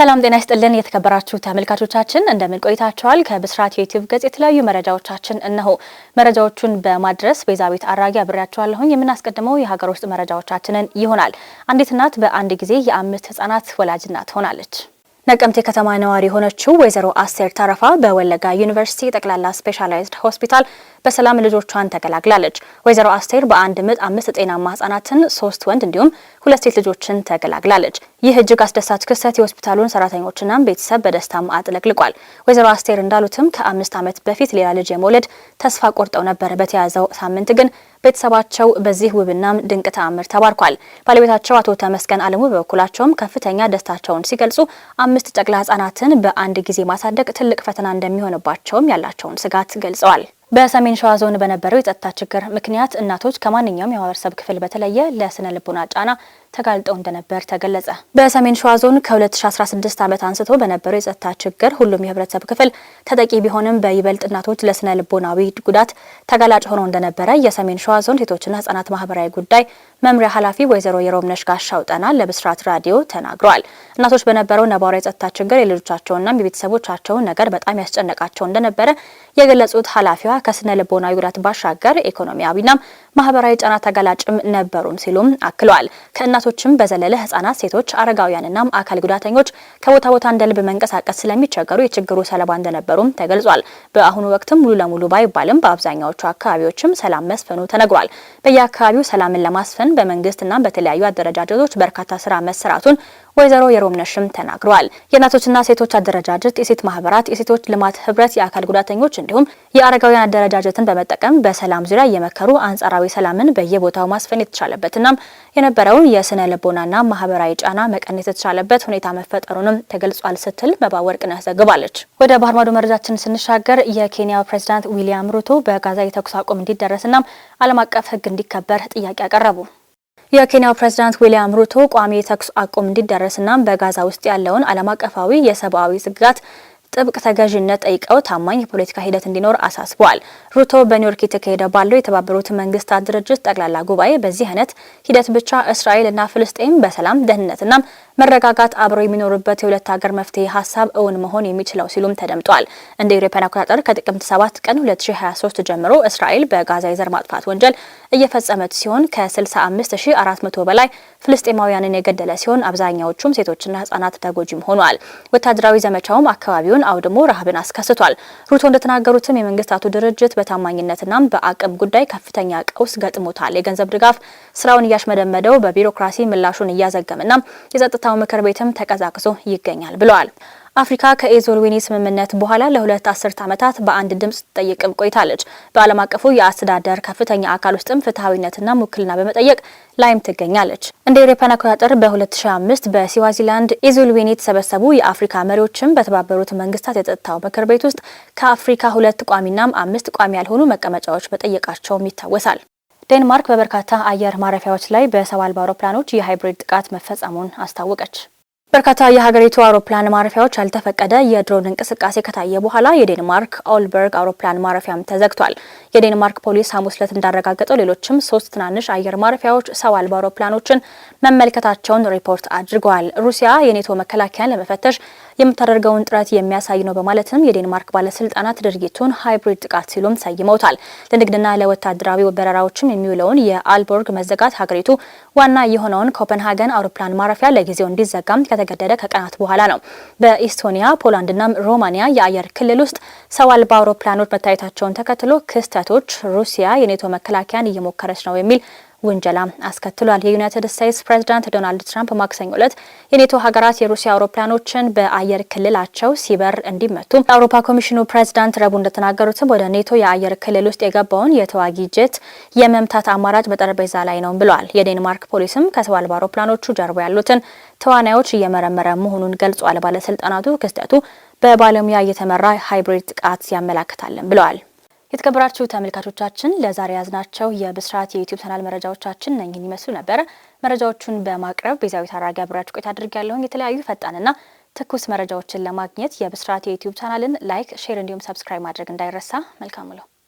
ሰላም ጤና ይስጥልን የተከበራችሁ ተመልካቾቻችን፣ እንደምን ቆይታችኋል? ከብስራት ዩቲዩብ ገጽ የተለያዩ መረጃዎቻችን እነሆ። መረጃዎቹን በማድረስ ቤዛቤት አራጊ አብሬያችኋለሁኝ። የምናስቀድመው የሀገር ውስጥ መረጃዎቻችንን ይሆናል። አንዲት እናት በአንድ ጊዜ የአምስት ህጻናት ወላጅ እናት ሆናለች። ነቀምቴ ከተማ ነዋሪ የሆነችው ወይዘሮ አስቴር ተረፋ በወለጋ ዩኒቨርሲቲ ጠቅላላ ስፔሻላይዝድ ሆስፒታል በሰላም ልጆቿን ተገላግላለች። ወይዘሮ አስቴር በአንድ ምጥ አምስት ጤናማ ህጻናትን፣ ሶስት ወንድ እንዲሁም ሁለት ሴት ልጆችን ተገላግላለች። ይህ እጅግ አስደሳች ክስተት የሆስፒታሉን ሰራተኞችና ቤተሰብ በደስታ አጥለቅልቋል። ወይዘሮ አስቴር እንዳሉትም ከአምስት ዓመት በፊት ሌላ ልጅ የመውለድ ተስፋ ቆርጠው ነበር። በተያዘው ሳምንት ግን ቤተሰባቸው በዚህ ውብናም ድንቅ ተአምር ተባርኳል። ባለቤታቸው አቶ ተመስገን አለሙ በበኩላቸውም ከፍተኛ ደስታቸውን ሲገልጹ አምስት ጨቅላ ህጻናትን በአንድ ጊዜ ማሳደግ ትልቅ ፈተና እንደሚሆንባቸውም ያላቸውን ስጋት ገልጸዋል። በሰሜን ሸዋ ዞን በነበረው የጸጥታ ችግር ምክንያት እናቶች ከማንኛውም የማህበረሰብ ክፍል በተለየ ለስነ ልቦና ጫና ተጋልጠው እንደነበር ተገለጸ። በሰሜን ሸዋ ዞን ከ2016 ዓመት አንስቶ በነበረው የጸጥታ ችግር ሁሉም የህብረተሰብ ክፍል ተጠቂ ቢሆንም በይበልጥ እናቶች ለስነ ልቦናዊ ጉዳት ተጋላጭ ሆነው እንደነበረ የሰሜን ሸዋ ዞን ሴቶችና ህጻናት ማህበራዊ ጉዳይ መምሪያ ኃላፊ ወይዘሮ የሮምነሽ ጋሻው ጠና ለብስራት ራዲዮ ተናግረዋል። እናቶች በነበረው ነባራዊ የጸጥታ ችግር የልጆቻቸውና የቤተሰቦቻቸውን ነገር በጣም ያስጨነቃቸው እንደነበረ የገለጹት ኃላፊዋ ከስነ ልቦናዊ ጉዳት ባሻገር ኢኮኖሚያዊና ማህበራዊ ጫና ተጋላጭም ነበሩም ሲሉም አክለዋል። ከወጣቶችም በዘለለ ህጻናት፣ ሴቶች፣ አረጋውያንና አካል ጉዳተኞች ከቦታ ቦታ እንደልብ መንቀሳቀስ ስለሚቸገሩ የችግሩ ሰለባ እንደነበሩም ተገልጿል። በአሁኑ ወቅትም ሙሉ ለሙሉ ባይባልም በአብዛኛዎቹ አካባቢዎችም ሰላም መስፈኑ ተነግሯል። በየአካባቢው ሰላምን ለማስፈን በመንግስትና በተለያዩ አደረጃጀቶች በርካታ ስራ መሰራቱን ወይዘሮ የሮምነሽም ተናግረዋል። የእናቶችና ሴቶች አደረጃጀት፣ የሴት ማህበራት፣ የሴቶች ልማት ህብረት፣ የአካል ጉዳተኞች እንዲሁም የአረጋውያን አደረጃጀትን በመጠቀም በሰላም ዙሪያ እየመከሩ አንጻራዊ ሰላምን በየቦታው ማስፈን የተቻለበትና የነበረውን የስነ ልቦናና ማህበራዊ ጫና መቀነስ የተቻለበት ሁኔታ መፈጠሩንም ተገልጿል ስትል መባወርቅነህ ዘግባለች። ወደ ባህር ማዶ መረጃችን ስንሻገር የኬንያው ፕሬዚዳንት ዊሊያም ሩቶ በጋዛ የተኩስ አቁም እንዲደረስና ዓለም አቀፍ ህግ እንዲከበር ጥያቄ አቀረቡ። የኬንያው ፕሬዝዳንት ዊሊያም ሩቶ ቋሚ የተኩስ አቁም እንዲደረስና በጋዛ ውስጥ ያለውን ዓለም አቀፋዊ የሰብአዊ ስጋት ጥብቅ ተገዥነት ጠይቀው ታማኝ የፖለቲካ ሂደት እንዲኖር አሳስበዋል። ሩቶ በኒውዮርክ የተካሄደ ባለው የተባበሩት መንግስታት ድርጅት ጠቅላላ ጉባኤ በዚህ አይነት ሂደት ብቻ እስራኤልና ፍልስጤም በሰላም ደህንነትና መረጋጋት አብረው የሚኖሩበት የሁለት ሀገር መፍትሄ ሀሳብ እውን መሆን የሚችለው ሲሉም ተደምጧል። እንደ ኢሮፓን አቆጣጠር ከጥቅምት 7 ቀን 2023 ጀምሮ እስራኤል በጋዛ የዘር ማጥፋት ወንጀል እየፈጸመች ሲሆን ከ65400 በላይ ፍልስጤማውያንን የገደለ ሲሆን አብዛኛዎቹም ሴቶችና ህጻናት ተጎጂም ሆኗል። ወታደራዊ ዘመቻውም አካባቢውን መሆኑን አውድሞ ረሃብን አስከስቷል። ሩቶ እንደተናገሩትም የመንግስታቱ ድርጅት በታማኝነትናም በአቅም ጉዳይ ከፍተኛ ቀውስ ገጥሞታል። የገንዘብ ድጋፍ ስራውን እያሽመደመደው፣ በቢሮክራሲ ምላሹን እያዘገምና የጸጥታው ምክር ቤትም ተቀዛቅዞ ይገኛል ብለዋል። አፍሪካ ከኤዞርዊኒ ስምምነት በኋላ ለሁለት አስርት ዓመታት በአንድ ድምፅ ትጠይቅም ቆይታለች። በዓለም አቀፉ የአስተዳደር ከፍተኛ አካል ውስጥም ፍትሐዊነትና ውክልና በመጠየቅ ላይም ትገኛለች። እንደ ኤሮፓን አቆጣጠር በ2005 በስዋዚላንድ ኤዞርዊኒ የተሰበሰቡ የአፍሪካ መሪዎችም በተባበሩት መንግስታት የጸጥታው ምክር ቤት ውስጥ ከአፍሪካ ሁለት ቋሚናም አምስት ቋሚ ያልሆኑ መቀመጫዎች መጠየቃቸውም ይታወሳል። ዴንማርክ በበርካታ አየር ማረፊያዎች ላይ በሰው አልባ አውሮፕላኖች የሃይብሪድ ጥቃት መፈጸሙን አስታወቀች። በርካታ የሀገሪቱ አውሮፕላን ማረፊያዎች ያልተፈቀደ የድሮን እንቅስቃሴ ከታየ በኋላ የዴንማርክ ኦልበርግ አውሮፕላን ማረፊያም ተዘግቷል። የዴንማርክ ፖሊስ ሐሙስ ዕለት እንዳረጋገጠው ሌሎችም ሶስት ትናንሽ አየር ማረፊያዎች ሰው አልባ አውሮፕላኖችን መመልከታቸውን ሪፖርት አድርገዋል። ሩሲያ የኔቶ መከላከያን ለመፈተሽ የምታደርገውን ጥረት የሚያሳይ ነው በማለትም የዴንማርክ ባለስልጣናት ድርጊቱን ሃይብሪድ ጥቃት ሲሉም ሰይመውታል። ለንግድና ለወታደራዊ በረራዎችም የሚውለውን የአልቦርግ መዘጋት ሀገሪቱ ዋና የሆነውን ኮፐንሃገን አውሮፕላን ማረፊያ ለጊዜው እንዲዘጋም ከተገደደ ከቀናት በኋላ ነው። በኢስቶኒያ ፖላንድና ሮማኒያ የአየር ክልል ውስጥ ሰው አልባ አውሮፕላኖች መታየታቸውን ተከትሎ ክስተቶች ሩሲያ የኔቶ መከላከያን እየሞከረች ነው የሚል ውንጀላ አስከትሏል። የዩናይትድ ስቴትስ ፕሬዚዳንት ዶናልድ ትራምፕ ማክሰኞ ዕለት የኔቶ ሀገራት የሩሲያ አውሮፕላኖችን በአየር ክልላቸው ሲበር እንዲመቱ የአውሮፓ ኮሚሽኑ ፕሬዚዳንት ረቡዕ እንደተናገሩትም ወደ ኔቶ የአየር ክልል ውስጥ የገባውን የተዋጊ ጀት የመምታት አማራጭ በጠረጴዛ ላይ ነው ብለዋል። የዴንማርክ ፖሊስም ከሰው አልባ አውሮፕላኖቹ ጀርባ ያሉትን ተዋናዮች እየመረመረ መሆኑን ገልጿል። ባለስልጣናቱ ክስተቱ በባለሙያ እየተመራ ሃይብሪድ ጥቃት ያመላክታለን ብለዋል። የተከበራችሁ ተመልካቾቻችን ለዛሬ ያዝናቸው የብስራት የዩቲዩብ ቻናል መረጃዎቻችን እነኝህን ይመስሉ ነበር። መረጃዎቹን በማቅረብ ቤዛዊት አራጌ አብሬያችሁ ቆይታ አድርጊያለሁኝ። የተለያዩ ፈጣንና ትኩስ መረጃዎችን ለማግኘት የብስራት የዩቲዩብ ቻናልን ላይክ፣ ሼር እንዲሁም ሰብስክራይብ ማድረግ እንዳይረሳ። መልካም ውሎ